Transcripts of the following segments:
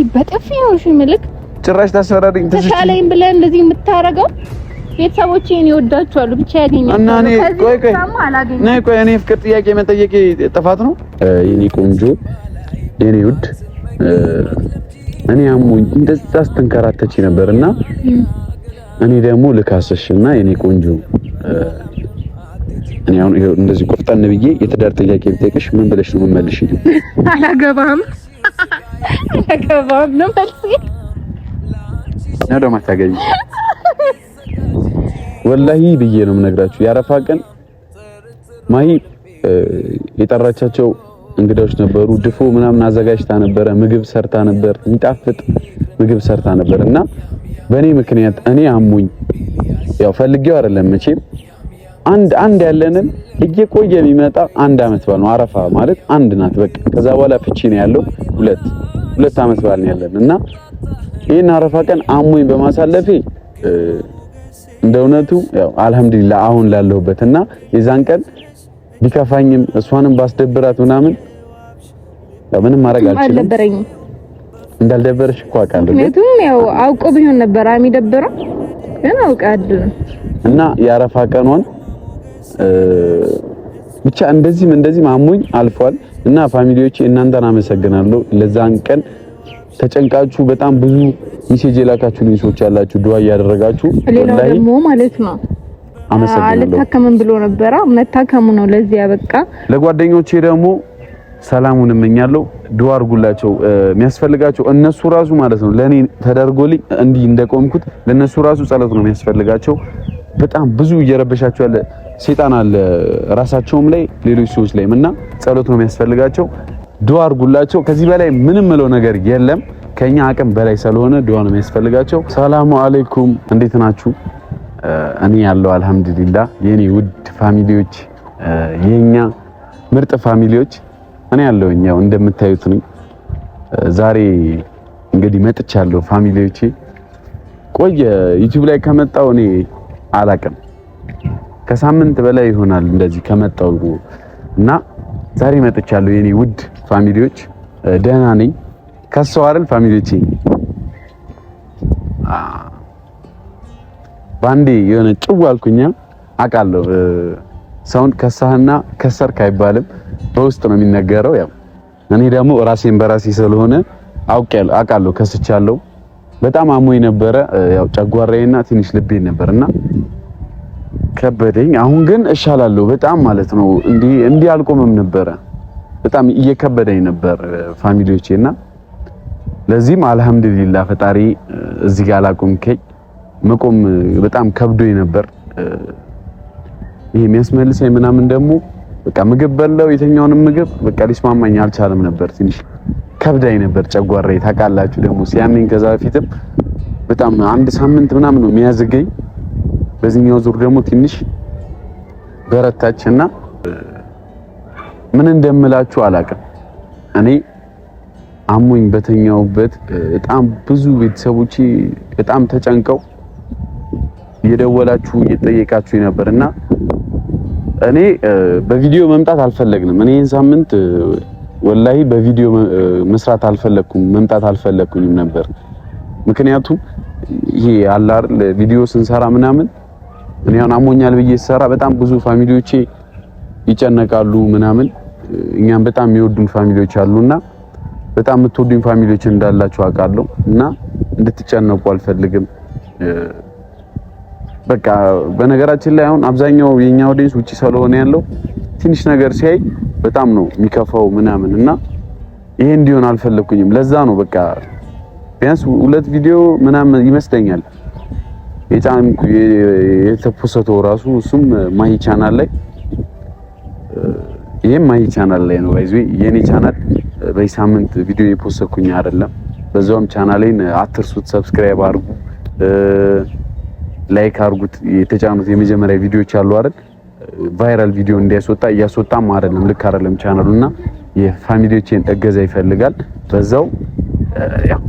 እንደዚህ በጥፊ ነው እሺ። ምልክ ጭራሽ ታስፈራሪኝ። ተሻለኝ ብለህ እንደዚህ የምታረገው ቤተሰቦቼን ይወዳቸዋሉ ብቻ ያገኛል እና እኔ ቆይ ቆይ ነይ ቆይ እኔ ፍቅር ጥያቄ መጠየቄ ጥፋት ነው? የኔ ቆንጆ የኔ ውድ እኔ አሞኝ እንደዛ ስትንከራተች ነበርና እኔ ደግሞ ልካስሽ እና የኔ ቆንጆ እኔ አሁን እንደዚህ ቆፍጠን ብዬ የትዳር ጥያቄ ብጠይቅሽ ምን ብለሽ ነው የምመልሽልኝ? አላገባም አገባም ነው መልስ ነው ደግሞ አታገኝ። ወላሂ ብዬ ነው የምነግራችሁ። ያረፋ ቀን ማይ የጠራቻቸው እንግዳዎች ነበሩ። ድፎ ምናምን አዘጋጅታ ነበረ፣ ምግብ ሰርታ ነበር፣ የሚጣፍጥ ምግብ ሰርታ ነበር እና በእኔ ምክንያት እኔ አሙኝ ያው ፈልጌው አይደለም መቼም አንድ አንድ ያለንን እየቆየ የሚመጣ አንድ አመት በዓል ነው። አረፋ ማለት አንድ ናት በቃ። ከዛ በኋላ ፍቺ ነው ያለው ሁለት ሁለት አመት በዓል ነው ያለን እና ይህን አረፋ ቀን አሞኝ በማሳለፌ እንደ እውነቱ ያው አልሐምዱሊላህ አሁን ላለሁበት እና የዛን ቀን ቢከፋኝም እሷንም ባስደብራት ምናምን ያው ምንም ማድረግ አልችልም። እንዳልደበረሽ እኮ አውቃለሁ። ምክንያቱም ያው አውቆ ቢሆን ነበር የሚደብረው ግን አውቃለሁ እና የአረፋ ቀኗን ብቻ እንደዚህም እንደዚህም አሞኝ አልፏል እና ፋሚሊዎቼ እናንተን አመሰግናለሁ። ለዛን ቀን ተጨንቃችሁ በጣም ብዙ ሚሴጅ የላካችሁ ሰዎች ያላችሁ ዱአ እያደረጋችሁ ሌላው ደግሞ ማለት ነው አመሰግናለሁ። አልታከምም ብሎ ነበረ። መታከሙ ነው ለዚህ ያበቃ። ለጓደኞቼ ደግሞ ሰላሙን እመኛለሁ። ዱአ አድርጉላቸው የሚያስፈልጋቸው እነሱ ራሱ ማለት ነው። ለኔ ተደርጎልኝ እንዲህ እንደቆምኩት ለነሱ ራሱ ጸሎት ነው የሚያስፈልጋቸው። በጣም ብዙ እየረበሻችሁ ያለ ሴጣን አለ ራሳቸውም ላይ ሌሎች ሰዎች ላይም እና ጸሎት ነው የሚያስፈልጋቸው። ዱዓ አድርጉላቸው። ከዚህ በላይ ምንም ምለው ነገር የለም። ከኛ አቅም በላይ ስለሆነ ዱዓ ነው የሚያስፈልጋቸው። ሰላሙ አለይኩም፣ እንዴት ናችሁ? እኔ ያለው አልሐምዱሊላ። የኔ ውድ ፋሚሊዎች፣ የኛ ምርጥ ፋሚሊዎች፣ እኔ ያለው ያው እንደምታዩት ነኝ። ዛሬ እንግዲህ መጥቻለሁ ፋሚሊዎቼ። ቆየ ዩቲዩብ ላይ ከመጣው እኔ አላቅም ከሳምንት በላይ ይሆናል እንደዚህ ከመጣው እና ዛሬ መጥቻለሁ። የኔ ውድ ፋሚሊዎች ደህና ነኝ። ከሰው አይደል ፋሚሊዎቼ፣ ባንዴ የሆነ ጭው አልኩኛ አውቃለሁ። ሰውን ከሳህና ከሰርክ አይባልም፣ በውስጥ ነው የሚነገረው። ያው እኔ ደግሞ ራሴን በራሴ ስለሆነ አውቄያለሁ፣ አውቃለሁ፣ ከስቻለሁ። በጣም አሞኝ ነበረ ያው ጨጓራዬና ትንሽ ልቤን ነበርና ከበደኝ። አሁን ግን እሻላለሁ በጣም ማለት ነው። እንዲ እንዲ አልቆምም ነበረ በጣም እየከበደኝ ነበር ፋሚሊዎቼ እና ለዚህም አልሐምዱሊላህ ፈጣሪ እዚህ ጋር አላቆምከኝ። መቆም በጣም ከብዶኝ ነበር። ይሄ የሚያስመልሰኝ ምናምን ደግሞ በቃ ምግብ በለው የተኛውንም ምግብ በቃ ሊስማማኝ አልቻለም ነበር። ትንሽ ከብዳኝ ነበር ጨጓራዬ። ታውቃላችሁ ደግሞ ሲያመኝ ከዛ በፊትም በጣም አንድ ሳምንት ምናምን ነው የሚያዝገኝ። በዚህኛው ዙር ደግሞ ትንሽ በረታችና ምን እንደምላችሁ አላቅም እኔ አሞኝ በተኛውበት በጣም ብዙ ቤተሰቦች በጣም ተጨንቀው እየደወላችሁ እየጠየቃችሁ ነበርና እኔ በቪዲዮ መምጣት አልፈለግንም። እኔ ይህን ሳምንት ወላሂ በቪዲዮ መስራት አልፈለግኩም፣ መምጣት አልፈለግኩኝም ነበር። ምክንያቱም ይሄ አላር ቪዲዮ ስንሰራ ምናምን እኔ አሁን አሞኛል ብዬ ስሰራ በጣም ብዙ ፋሚሊዎቼ ይጨነቃሉ ምናምን። እኛም በጣም የሚወዱን ፋሚሊዎች አሉና በጣም የምትወዱኝ ፋሚሊዎች እንዳላችሁ አውቃለሁ እና እንድትጨነቁ አልፈልግም። በቃ በነገራችን ላይ አሁን አብዛኛው የኛ ኦዲየንስ ውጪ ስለሆነ ያለው ትንሽ ነገር ሲያይ በጣም ነው የሚከፋው ምናምን እና ይሄ እንዲሆን አልፈለኩኝም። ለዛ ነው በቃ ቢያንስ ሁለት ቪዲዮ ምናምን ይመስለኛል የጫንኩ የተፖሰተው ራሱ እሱም ማሂ ቻናል ላይ ይሄም ማሂ ቻናል ላይ ነው። ባይዚ የኔ ቻናል በዚህ ሳምንት ቪዲዮ የፖሰኩኝ አይደለም። በዛውም ቻናሌን አትርሱት፣ ሰብስክራይብ አድርጉ፣ ላይክ አድርጉት። የተጫኑት የመጀመሪያ ቪዲዮዎች አሉ አይደል? ቫይራል ቪዲዮ እንዲያስወጣ እያስወጣም አይደለም፣ ልክ አይደለም ቻናሉና የፋሚሊዎቼን እገዛ ይፈልጋል። በዛው ያው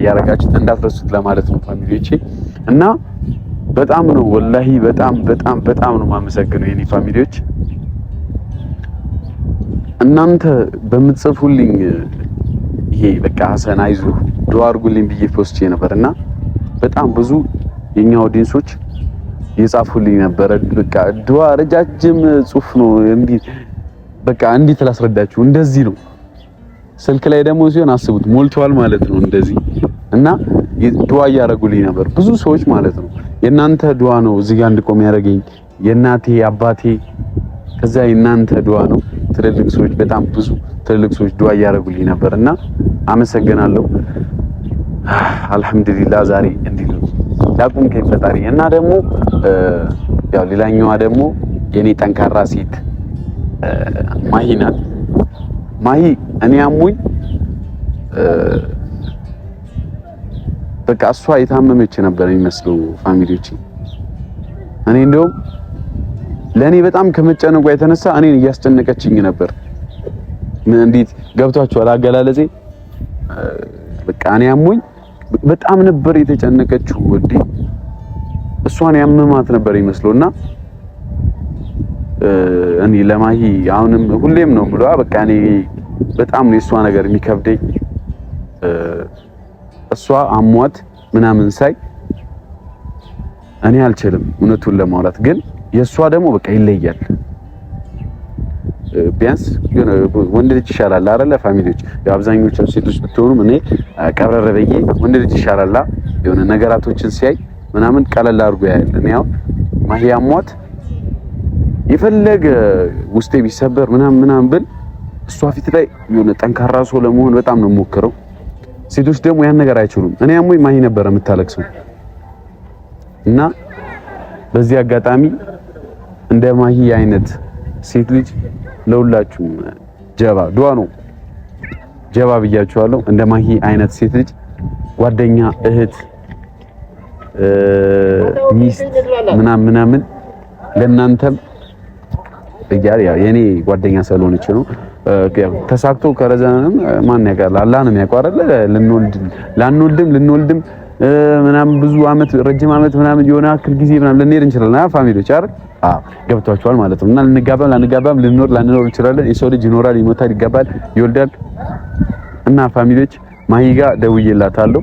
እያደረጋችሁት እንዳትረሱት ለማለት ነው ፋሚሊዎቼ። እና በጣም ነው ወላሂ በጣም በጣም በጣም ነው የማመሰግነው የኔ ፋሚሊዎች። እናንተ በምትጽፉልኝ ይሄ በቃ ሀሰን አይዞ ዱአ አድርጉልኝ ብዬ ፖስቼ ነበር እና በጣም ብዙ የኛ ኦዲየንሶች የጻፉልኝ ነበረ። በቃ ዱአ ረጃጅም ጽሁፍ ነው እንዴ! በቃ እንዴት ላስረዳችሁ እንደዚህ ነው ስልክ ላይ ደግሞ ሲሆን አስቡት ሞልቷል ማለት ነው እንደዚህ እና ዱዓ እያደረጉልኝ ነበር ብዙ ሰዎች ማለት ነው። የእናንተ ዱዓ ነው እዚህ ጋር እንድቆም ያደረገኝ የእናቴ አባቴ፣ ከዛ የእናንተ ዱዓ ነው። ትልልቅ ሰዎች በጣም ብዙ ትልልቅ ሰዎች ዱዓ እያደረጉልኝ ነበር እና አመሰግናለሁ። አልሐምዱሊላ ዛሬ እንዲሉ ነው ከፈጣሪ እና ደግሞ ያው ሌላኛዋ ደግሞ የኔ ጠንካራ ሴት ማሂ ናት። ማሂ እኔ አሞኝ በቃ እሷ የታመመች ነበር የሚመስለው ፋሚሊዎች እኔ እንደውም ለእኔ በጣም ከመጨነቋ የተነሳ እኔን እያስጨነቀችኝ ነበር። እንዴት ገብቷችኋል አገላለጼ? በቃ እኔ አሞኝ በጣም ነበር የተጨነቀችው። ወዴ እሷን ያመማት ነበር ይመስለውና እኔ ለማሂ አሁንም ሁሌም ነው ብሏ በቃ እኔ በጣም ነው የእሷ ነገር የሚከብደኝ። እሷ አሟት ምናምን ሳይ እኔ አልችልም እውነቱን ለማውራት ግን የእሷ ደግሞ በቃ ይለያል። ቢያንስ ወንድ ልጅ ይሻላል አይደለ? ፋሚሊዎች አብዛኞቹ ሴቶች ብትሆኑም እኔ ቀብረረ ብዬ ወንድ ልጅ ይሻላል የሆነ ነገራቶችን ሲያይ ምናምን ቀለል አድርጎ ያያል። እኔ አሁን ማሂ አሟት የፈለገ ውስጤ ቢሰበር ምናምን ምናምን ብል እሷ ፊት ላይ የሆነ ጠንካራ ሰው ለመሆን በጣም ነው የምሞክረው። ሴቶች ደግሞ ያን ነገር አይችሉም። እኔ አሞኝ ማሂ ነበረ የምታለቅሰው እና በዚህ አጋጣሚ እንደ ማሂ አይነት ሴት ልጅ ለሁላችሁ ጀባ ዱአ ነው ጀባ ብያችኋለሁ። እንደ ማሂ አይነት ሴት ልጅ ጓደኛ፣ እህት፣ ሚስት ምናምን ምናምን ለእናንተም እያለ ያው የኔ ጓደኛ ስለሆነች ነው። ተሳክቶ ከረዘንም ማን ያውቃል? አላህ ነው የሚያውቀው አይደለ? ልንወልድ ላንወልድም ልንወልድም ምናምን ብዙ አመት ረጅም አመት ምናምን የሆነ አክል ጊዜ ምናምን ልንሄድ እንችላለን። አ ፋሚሊዎች አይደል? አዎ ገብቷቸዋል ማለት ነው። እና ልንጋባም ላንጋባም ልንኖር ላንኖር እንችላለን። የሰው ልጅ ይኖራል፣ ይሞታል፣ ይጋባል፣ ይወልዳል። እና ፋሚሊዎች ማሂ ጋር ደውዬላታለሁ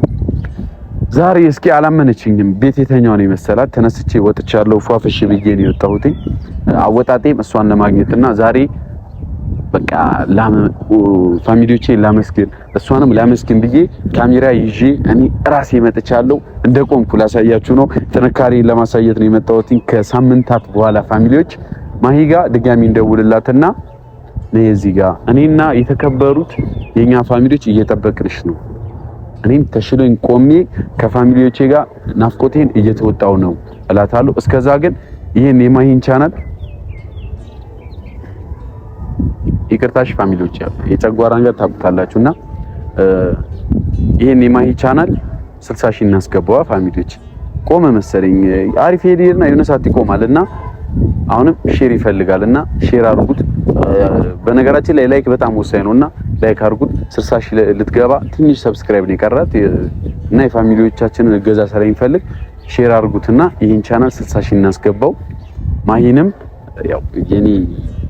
ዛሬ እስኪ አላመነችኝም። ቤት የተኛው ነው የመሰላት። ተነስቼ ወጥቻለሁ። ፏፍሽ ብዬ ነው የወጣሁት። አወጣጤም እሷን ለማግኘትና ዛሬ በቃ ፋሚሊዎቼ ላመስግን እሷንም ላመስግን ብዬ ካሜራ ይዤ እኔ ራሴ መጥቻለሁ። እንደ ቆምኩ ላሳያችሁ ነው። ጥንካሬ ለማሳየት ነው የመጣሁት። ከሳምንታት በኋላ ፋሚሊዎች ማሂጋ ድጋሚ እንደውልላትና ነይ እዚህ ጋር እኔና የተከበሩት የኛ ፋሚሊዎች እየጠበቅንሽ ነው እኔም ተሽሎኝ ቆሜ ከፋሚሊዎቼ ጋር ናፍቆቴን እየተወጣው ነው እላታለሁ። እስከዛ ግን ይህን የማሂን ቻናል ይቅርታሽ ፋሚሊዎች የጨጓራን ጋር ታውቁታላችሁ እና ይህን የማሂ ቻናል ስልሳ ሺህ እናስገባዋ ፋሚሊዎች ቆመ መሰለኝ አሪፍ ሄድና የሆነ ሰዓት ይቆማል እና አሁንም ሼር ይፈልጋል እና ሼር አድርጉት። በነገራችን ላይ ላይክ በጣም ወሳኝ ነው እና ላይክ አድርጉት። 60 ሺህ ልትገባ ትንሽ ሰብስክራይብ ነው የቀራት እና የፋሚሊዎቻችንን እገዛ ስለሚፈልግ ሼር አድርጉትና ይህን ቻናል 60 ሺህ እናስገባው። ማሂንም ያው የኔ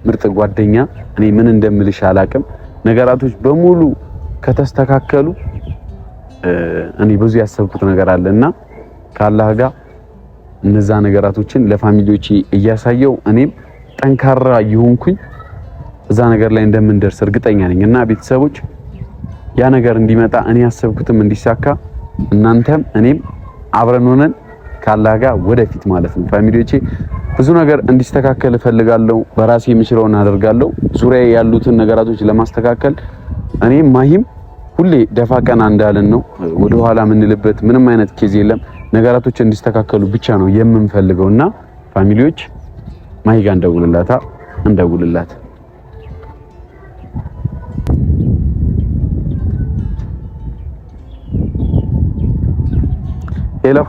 ምርጥ ጓደኛ፣ እኔ ምን እንደምልሽ አላቅም። ነገራቶች በሙሉ ከተስተካከሉ እኔ ብዙ ያሰብኩት ነገር አለ እና ከአላህ ጋር እነዛ ነገራቶችን ለፋሚሊዎቼ እያሳየው እኔም ጠንካራ እየሆንኩኝ እዛ ነገር ላይ እንደምንደርስ እርግጠኛ ነኝ እና ቤተሰቦች ያ ነገር እንዲመጣ እኔ ያሰብኩትም እንዲሳካ እናንተም እኔም አብረን ሆነን ካላህ ጋር ወደፊት ማለት ነው። ፋሚሊዎቼ ብዙ ነገር እንዲስተካከል እፈልጋለሁ። በራሴ የምችለውን አደርጋለሁ። ዙሪያ ያሉትን ነገራቶች ለማስተካከል እኔም ማሂም ሁሌ ደፋ ቀና እንዳልን ነው። ወደኋላ የምንልበት ምንም አይነት ኬዝ የለም። ነገራቶች እንዲስተካከሉ ብቻ ነው የምንፈልገው እና ፋሚሊዎች ማሂ ጋር እንደውልላታ እንደውልላት ሄሎ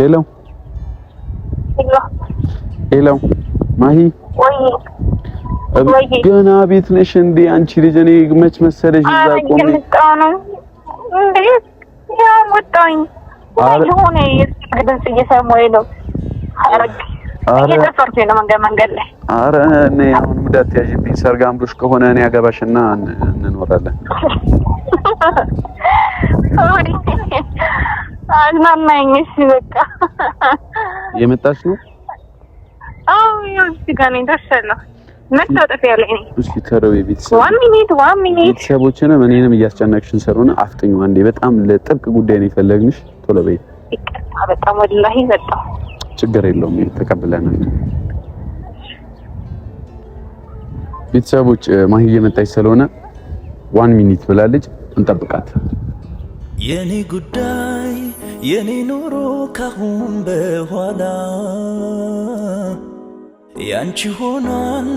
ሄሎ ሄሎ ማሂ ገና ቤት ነሽ እንዴ? አንቺ ልጅ እኔ መች መሰለሽ እዛ ቆሜ አረ እኔ አሁን እንዳትያዥብኝ። ሰርግ አምሮሽ ከሆነ እኔ አገባሽና እንኖራለን። አዝናናኝ። እሺ በቃ የመጣች ነው። አዎ እዚህ ጋር ነኝ። ደርሻለሁ። ቤተሰቦችን እኔንም እያስጨነቅሽን ስለሆነ አፍጥኝ አንዴ። በጣም ለጥብቅ ጉዳይ ነው የፈለግንሽ። ቶሎ በይ። ችግር የለውም ተቀብለናል። ቤተሰቦች ማሂ እየመጣች ስለሆነ ዋን ሚኒት ብላለች፣ እንጠብቃት። የኔ ጉዳይ የኔ ኑሮ ካሁን በኋላ ያንቺ ሆኗን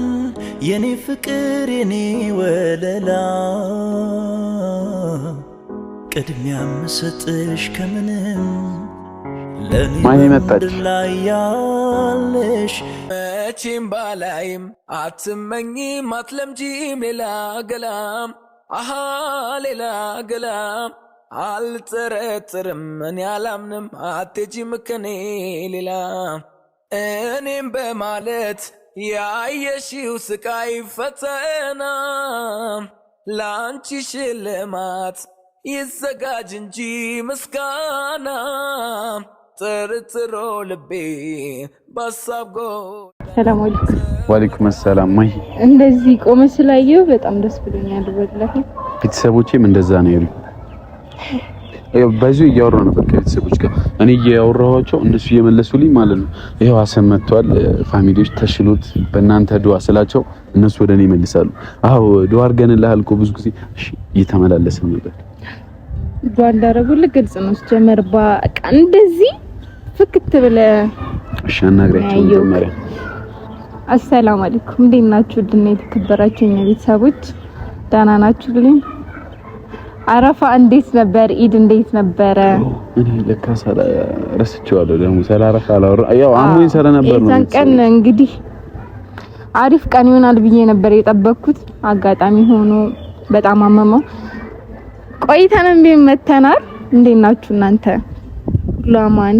የኔ ፍቅር የኔ ወለላ ቅድሚያ ምሰጥሽ ከምንም ለኔ ላይ ያለሽ መቼም ባላይም አትመኝም አትለምጂም ሌላ ገላም አሃ ሌላ ገላም አልጠረጥርም እኔ አላምንም አትሄጂም ከኔ ሌላ እኔም በማለት ያየሽው ስቃይ ፈተና ለአንቺ ሽልማት ይዘጋጅ እንጂ ምስጋና ጥርጥሮ ልቤ በሳብ ጎ ሰላም አለይኩም። ወአለይኩም ሰላም። ማይ እንደዚህ ቆመ ስላየው በጣም ደስ ብሎኛል። ወላሂ ቤተሰቦቼም እንደዛ ነው ያሉት። በዙ እያወራ ነው። በቃ ቤተሰቦች ጋር እኔ እያወራኋቸው እነሱ እየመለሱልኝ ማለት ነው። ይኸው ሀሰን መጥቷል፣ ፋሚሊዎች ተሽሎት በእናንተ ድዋ ስላቸው እነሱ ወደ እኔ ይመልሳሉ። አዎ ድዋ አድርገንልሃል እኮ ብዙ ጊዜ እየተመላለሰ ነበር። ድዋ እንዳደረጉልህ ግልጽ ነው። ስጀመር በቃ እንደዚህ ፍክት ብለህ እሺ፣ አናግራቸው መጀመሪያ። አሰላሙ አለይኩም፣ እንዴት ናችሁ? ድና የተከበራችሁ የኛ ቤተሰቦች ደህና ናችሁ ብለኝ አረፋ እንዴት ነበር? ኢድ እንዴት ነበረ? እኔ ለካ ሰለ ረስቼዋለሁ። ደግሞ ሰለ አረፋ አላወራ ያው ሰለ ነበር ነው። የዛን ቀን እንግዲህ አሪፍ ቀን ይሆናል ብዬ ነበር የጠበኩት። አጋጣሚ ሆኖ በጣም አመመው። ቆይተን እንዴ መተናል። እንዴት ናችሁ እናንተ? ለማን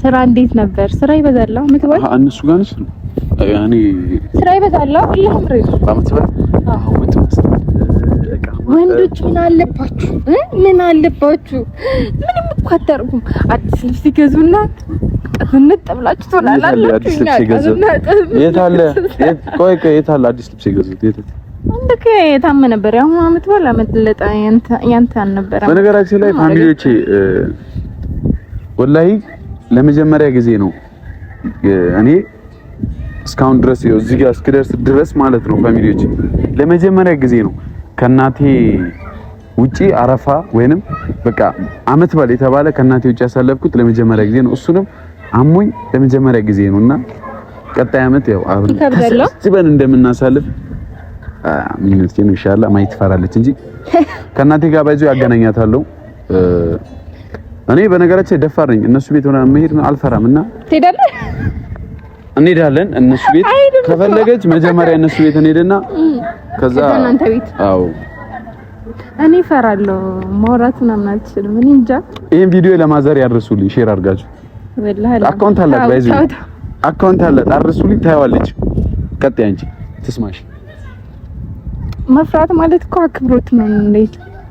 ስራ እንዴት ነበር? ስራ ይበዛላ ምትባል አንሱ ጋር ነው ያኔ ስራ ይበዛላ ሁሉ ምሬት ወንዶች ምን አለባችሁ? ምን አለባችሁ? ምንም እኮ አታርጉም። አዲስ ልብስ ሲገዙና አዲስ ልብስ ሲገዙ የት አለ? ቆይ ቆይ፣ የት አለ አዲስ ልብስ የት ነበር አመት ያንተ አልነበረም። በነገራችን ላይ ፋሚሊዎቼ ወላሂ ለመጀመሪያ ጊዜ ነው እኔ እስካሁን ድረስ እዚህ ጋር እስክደርስ ድረስ ማለት ነው ፋሚሊዎቼ ለመጀመሪያ ጊዜ ነው ከእናቴ ውጪ አረፋ ወይንም በቃ አመት በል የተባለ ከእናቴ ውጪ ያሳለፍኩት ለመጀመሪያ ጊዜ ነው። እሱንም አሞኝ ለመጀመሪያ ጊዜ ነውና ቀጣይ አመት ያው አብረን ተሰብስበን እንደምናሳልፍ ምኞቴ ነው። ኢንሻአላህ ማየት ትፈራለች እንጂ ከእናቴ ጋር ባይዞ ያገናኛታለሁ። እኔ በነገራችን ደፋር ነኝ። እነሱ ቤት ሆነ መሄድ አልፈራም እና ትሄዳለህ እንሄዳለን እነሱ ቤት ከፈለገች መጀመሪያ እነሱ ቤት እንሄድና ከዛ እናንተ ቤት። አዎ እኔ እፈራለሁ ማውራት ምናምን አልችልም። እኔ እንጃ። ይሄን ቪዲዮ ለማዘር ያድርሱልኝ፣ ሼር አድርጋችሁ። ወላሂ አካውንት አላት፣ ባይዚ አካውንት አላት፣ አድርሱልኝ። ታይዋለች። ቀጥይ አንቺ ትስማሽ። መፍራት ማለት እኮ አክብሮት ነው። እንዴ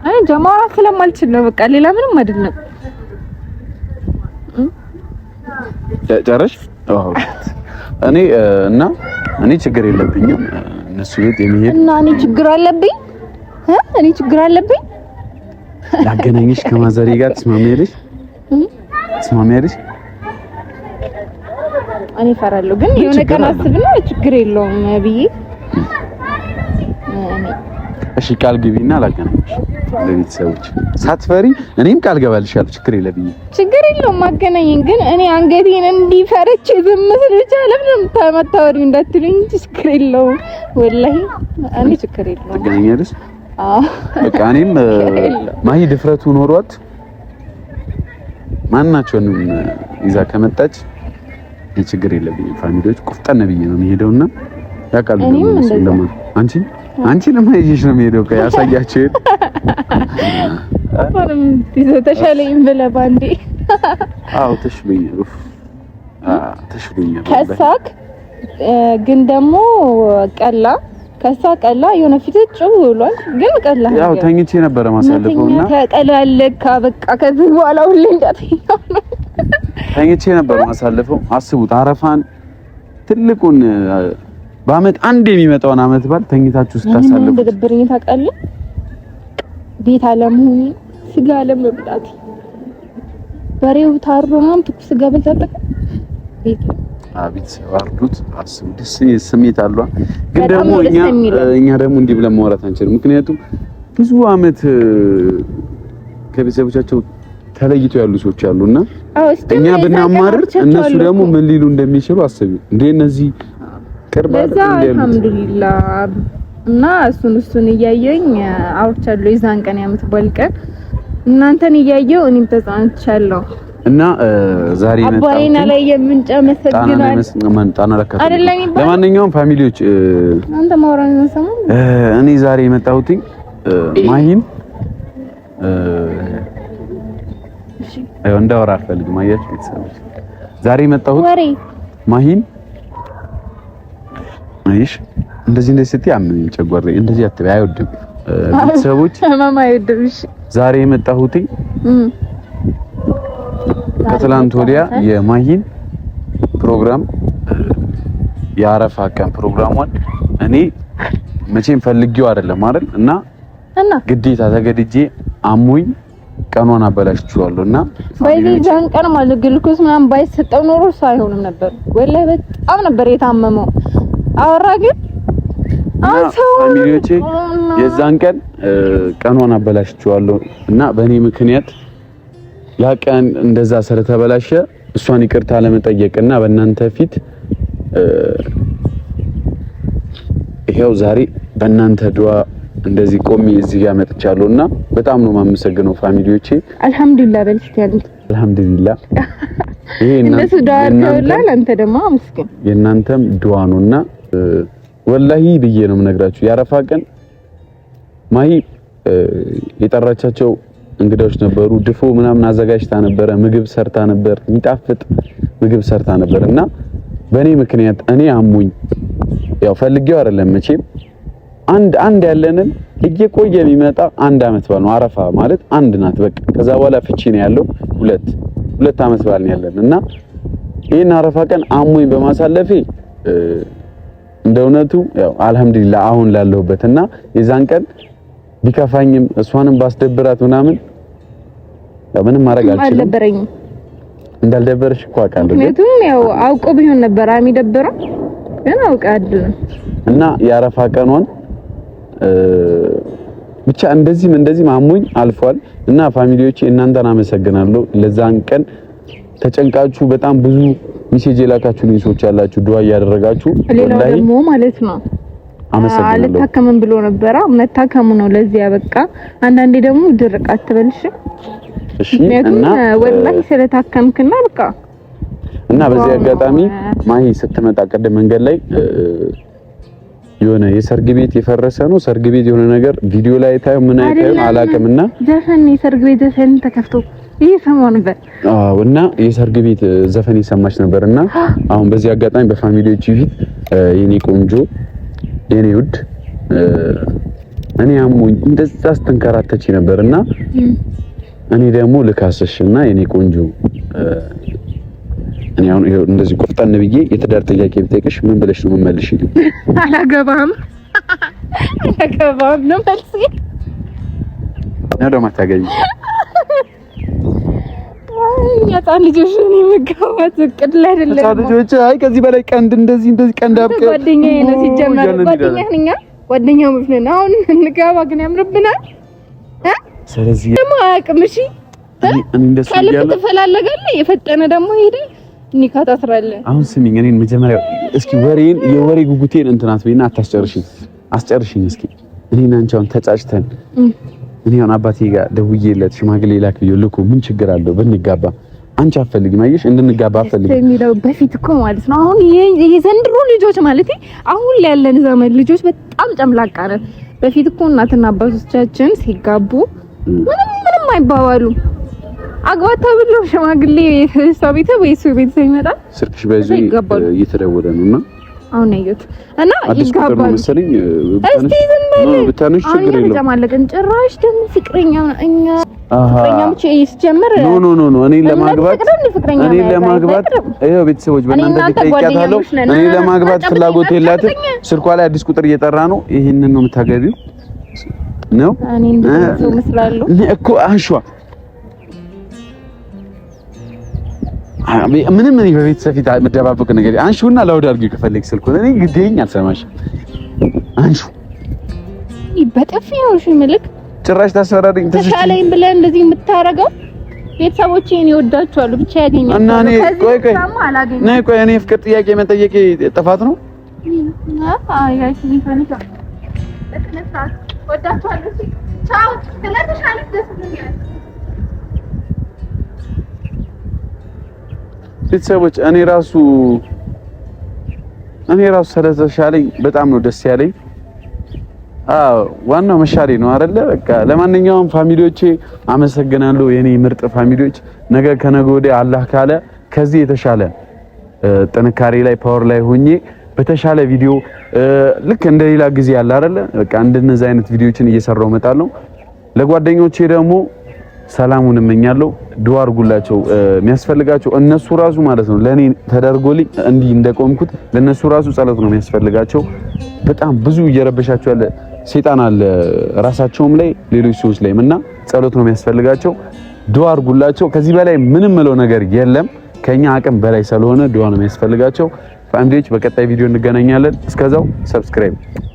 አይ እንጃ፣ ማውራት ስለማልችል ነው በቃ፣ ሌላ ምንም አይደለም። ጨረሽ? አዎ እኔ እና እኔ ችግር የለብኝም እነሱ ቤት የሚሄድ እና እኔ ችግር አለብኝ እኔ ችግር አለብኝ። ላገናኝሽ ከማዘሬ ጋር ትስማሚያለሽ? ትስማሚያለሽ? እኔ እፈራለሁ ግን የሆነ ቀን አስብና ችግር የለውም ብዬ እሺ ቃል ግቢና ላገናኝሽ ለቤተሰቦች ሳትፈሪ። እኔም ቃል ገባልሻለሁ። ችግር የለብኝ። ችግር የለውም አገናኘኝ። ግን እኔ አንገቴን እንዲፈረች ዝም ስል ብቻ ለምን ታመጣው እንዳትሉኝ ችግር የለውም። ወላሂ እኔ ችግር የለውም። ትገናኛለሽ። አዎ በቃ እኔም ማሂ ድፍረቱ ኖሯት ማናቸውንም ይዛ ከመጣች ችግር የለብኝም። ፋሚሊዎች ቁፍጠን ብዬ ነው የሚሄደውና ያውቃሉ። አንቺ አንቺ ለምን ይዤሽ ነው የሚሄደው? ከያ ያሳያችሁ አሁንም ዲዞ ተሻለኝ ብለህ ባንዴ። አዎ ተሽሎኛል፣ ተሽሎኛል። ከሳክ ግን ደግሞ ቀላ ከሳ ቀላ የሆነ ፊት ጭው ብሏል፣ ግን ቀላ ያው ተኝቼ ነበረ ማሳለፈውና ተቀላ ለካ በቃ ከዚህ በኋላ ሁሌ እንዳትኝ ተኝቼ ነበር ማሳለፈው። አስቡት አረፋን ትልቁን በአመት አንድ የሚመጣውን አመት በዓል ተኝታችሁ ስታሳልፉ ምን እንደደበረኝ ታውቃለህ። ቤት አለመሆኔ ስጋ አለመብላት በሬው ታሮ ትኩስ ስጋ በልታጠቀ ቤት አቤት አርዱት አስቡ። ደስ ስሜት አሏ። ግን ደግሞ እኛ እኛ ደግሞ እንዲህ ብለን ማውራት አንችልም። ምክንያቱም ብዙ አመት ከቤተሰቦቻቸው ተለይቶ ያሉ ሰዎች አሉና እኛ ብናማርር እነሱ ደግሞ ምን ሊሉ እንደሚችሉ አስቢ እንዴ እነዚህ ለዛ እና እሱን እሱን እያየኝ አውርቻለሁ። የዛን ቀን ቀን እናንተን እኔም ተጽናንቻለሁ። እና ዛሬ አባይና ላይ የምንጫ መሰግናል ለማንኛውም ፋሚሊዎች አንተ ነው እኔ ዛሬ ማሂን እንዳወራ አልፈልግም። አያችሁ ቤተሰቦች ዛሬ የመጣሁት ማሂን ይሽ እንደዚህ እንደዚህ ስትይ አመመኝ ጨጓራዬ። እንደዚህ አትበይ፣ አይወድም ቤተሰቦች ማማ አይወድም። ዛሬ የመጣሁት ከትላንት ወዲያ የማሂን ፕሮግራም የአረፋ ቀን ፕሮግራሟን እኔ መቼም ፈልጊው አይደለም አይደል እና እና ግዴታ ተገድጄ አሙኝ ቀኗን አበላሽችዋለሁ እና በዚህ ዛን ቀን ማለት ግልኮስ ምናምን ባይሰጠው ኖሮ ሳይሆንም ነበር። ወላሂ በጣም ነበር የታመመው አወራ ግን ፋሚሊዎቼ የዛን ቀን ቀኗን አበላሽችዋለሁ እና በእኔ ምክንያት ያ ቀን እንደዛ ስለተበላሸ እሷን ይቅርታ እና በእናንተ ፊት ይሄው ዛሬ በእናንተ ድዋ እንደዚህ ቆሜ እዚህ ያመጥቻለሁ እና በጣም ነው የማመሰግነው ፋሚሊዎቼ። አልሐምዱሊላህ በል እስኪ ያሉት አልሐምዱሊላህ። ይሄ እናንተ ድዋ ነው እና አንተ ደግሞ አመስግን። የእናንተም ድዋ ነውና ወላሂ ብዬ ነው የምነግራችሁ። ያረፋ ቀን ማሂ የጠራቻቸው እንግዳዎች ነበሩ። ድፎ ምናምን አዘጋጅታ ነበረ፣ ምግብ ሰርታ ነበር፣ የሚጣፍጥ ምግብ ሰርታ ነበር እና በእኔ ምክንያት እኔ አሙኝ፣ ያው ፈልጌው አይደለም መቼም አንድ አንድ ያለንን እየቆየ የሚመጣ አንድ አመት በዓል ነው። አረፋ ማለት አንድ ናት በቃ። ከዛ በኋላ ፍቺ ነው ያለው ሁለት ሁለት አመት በዓል ነው ያለን እና ይህን አረፋ ቀን አሞኝ በማሳለፌ እንደ እውነቱ ያው አልሐምዱሊላህ አሁን ላለሁበት እና የዛን ቀን ቢከፋኝም እሷንም ባስደብራት ምናምን ያው ምንም ማድረግ አልችልም። እንዳልደበረሽ እኮ አውቃለሁ። ምክንያቱም ያው አውቆ ቢሆን ነበር የሚደብረው ግን አውቃለሁ። እና የአረፋ ቀኗን ብቻ እንደዚህም እንደዚህም አሞኝ አልፏል እና ፋሚሊዎቼ እናንተን አመሰግናለሁ። ለዛን ቀን ተጨንቃችሁ በጣም ብዙ ሚሴጅ የላካችሁ ሰዎች ያላችሁ ዱአ እያደረጋችሁ ሌላው ደግሞ ማለት ነው አልታከምም ብሎ ነበራ። መታከሙ ነው ለዚህ ያበቃ። አንዳንዴ ደግሞ ድርቅ አትበልሽ እሺ። እና ወላሂ ስለታከምክና በቃ እና በዚህ አጋጣሚ ማሂ ስትመጣ ቀደም መንገድ ላይ የሆነ የሰርግ ቤት የፈረሰ ነው ሰርግ ቤት የሆነ ነገር ቪዲዮ ላይ ታዩ ምን አይተም አላውቅም እና ዘፈን የሰርግ ቤት ዘፈን ተከፍቶ ይሰማ ነበር። አዎ እና የሰርግ ቤት ዘፈን ይሰማች ነበር እና አሁን በዚህ አጋጣሚ በፋሚሊዎች ፊት የኔ ቆንጆ የኔ ውድ እኔ አሞኝ እንደዛ ስትንከራተች ነበር እና እኔ ደግሞ ልካስሽ እና የኔ ቆንጆ እኔ አሁን ይሄ እንደዚህ ቆፍጣን ብዬ የትዳር ጥያቄ ብጠይቅሽ ምን ብለሽ ነው የምመልሽልኝ? አላገባም አላገባም ነው መልስ ነው ደማ ታገኝ ህጻን ልጆች ነው የመጋባት እቅድ ላይ አይደለም። ህጻን ልጆች አይ ከዚህ በላይ ቀንድ እንደዚህ እንደዚህ ቀንድ አብቀ ጓደኛዬ ነው ሲጀመር ጓደኛህ ነኝ። ጓደኛው ምንድን ነው አሁን እንጋባ ግን ያምርብናል። ስለዚህ ደግሞ አያውቅም። እሺ ከልብ ትፈላለጋለህ። የፈጠነ ደግሞ ሄደህ ኒካ ታስራለህ። አሁን ስሚኝ፣ እኔን መጀመሪያ እስኪ ወሬን የወሬ ጉጉቴን እንትናት በይና አታስጨርሽኝ፣ አስጨርሽኝ እስኪ እኔና አንቺ አሁን ተጫጭተን እኔ አሁን አባቴ ጋር ደውዬለት ሽማግሌ ላክ ብዬ ልኩ ምን ችግር አለው ብንጋባ አንቺ አፈልግም አየሽ እንድንጋባ አፈልግም የሚለው በፊት እኮ ማለት ነው። አሁን ይሄ ዘንድሮ ልጆች ማለት አሁን ላይ ያለን ዘመን ልጆች በጣም ጨምላቃ ነን። በፊት እኮ እናትና አባቶቻችን ሲጋቡ ምንም ምንም አይባባሉ። አግባታ ብሎ ሽማግሌ ሰው ቤት ወይ ሰው ቤት ሳይመጣ ስልክሽ በዚህ እየተደወለ ነውና አሁን አየሁት እና ይጋባሉ። እስቲ ዝም በል አሁን የተጨማለቅን ጭራሽ ደግሞ ፍቅረኛ እኛ ኖ ኖ ኖ እኔ ለማግባት እኔ ለማግባት በእናንተ እኔ ለማግባት ፍላጎት የላትም። ስልኳ ላይ አዲስ ቁጥር እየጠራ ነው። ይሄንን ነው የምታገቢው ነው እኮ አሽዋ ምንም እኔ በቤተሰብ ፊት የምደባበቅ ነገር አንሺውና ላውድ አድርጊው ከፈለግሽ ስልኩን። እኔ ግዴኝ አልሰማሽም። አንሺው በጥፊ ነው እሺ። ምልክ ጭራሽ ታስፈራሪኝ። ተሻለኝ ብለህ እንደዚህ የምታረገው ቤተሰቦቼን ይወዳቸዋሉ ብቻ ያገኛሉ። እና እኔ ቆይ ቆይ ነይ ቆይ፣ እኔ ፍቅር ጥያቄ መጠየቄ ጥፋት ነው? አይ ቤተሰቦች እኔ ራሱ እኔ ራሱ ስለተሻለኝ በጣም ነው ደስ ያለኝ። አዎ ዋናው መሻሌ ነው አይደለ? በቃ ለማንኛውም ፋሚሊዎቼ አመሰግናለሁ። የኔ ምርጥ ፋሚሊዎች፣ ነገ ከነገ ወዲያ አላህ ካለ ከዚህ የተሻለ ጥንካሬ ላይ ፓወር ላይ ሆኜ በተሻለ ቪዲዮ ልክ እንደሌላ ጊዜ ያለ አይደለ? በቃ እንደነዚህ አይነት ቪዲዮችን እየሰራው እመጣለሁ። ለጓደኞቼ ደግሞ ሰላሙን እመኛለሁ። ድዋ አድርጉላቸው የሚያስፈልጋቸው እነሱ ራሱ ማለት ነው። ለኔ ተደርጎልኝ እንዲህ እንደቆምኩት ለነሱ ራሱ ጸሎት ነው የሚያስፈልጋቸው። በጣም ብዙ እየረበሻቸው ያለ ሴጣን አለ ራሳቸውም ላይ ሌሎች ሰዎች ላይም እና ጸሎት ነው የሚያስፈልጋቸው። ድዋ አድርጉላቸው። ከዚህ በላይ ምንም ምለው ነገር የለም። ከኛ አቅም በላይ ስለሆነ ድዋ ነው የሚያስፈልጋቸው። ፋሚሊዎች፣ በቀጣይ ቪዲዮ እንገናኛለን። እስከዛው ሰብስክራይብ